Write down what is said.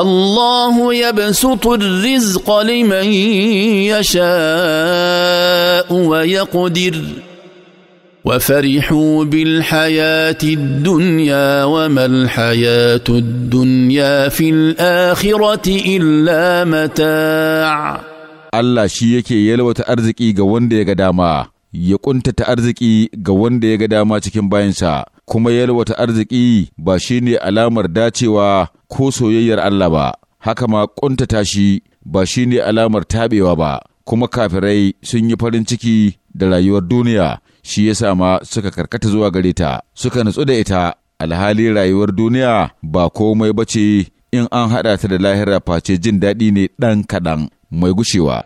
الله يبسط الرزق لمن يشاء ويقدر وفرحوا بالحياة الدنيا وما الحياة الدنيا في الآخرة إلا متاع الله شيكي يلو تأرزكي arziki ga wanda ya ga dama ya kuntata arziki ga kuma yalwata arziki ba shi ne alamar dacewa ko soyayyar Allah ba, haka ma ƙuntata shi ba shi ne alamar taɓewa ba, kuma kafirai sun yi farin ciki da rayuwar duniya shi ya sama suka karkata zuwa gare ta, suka nutsu da ita alhali rayuwar duniya ba komai ba ce in an haɗa ta da lahira face jin daɗi ne ɗan kaɗan mai gushewa.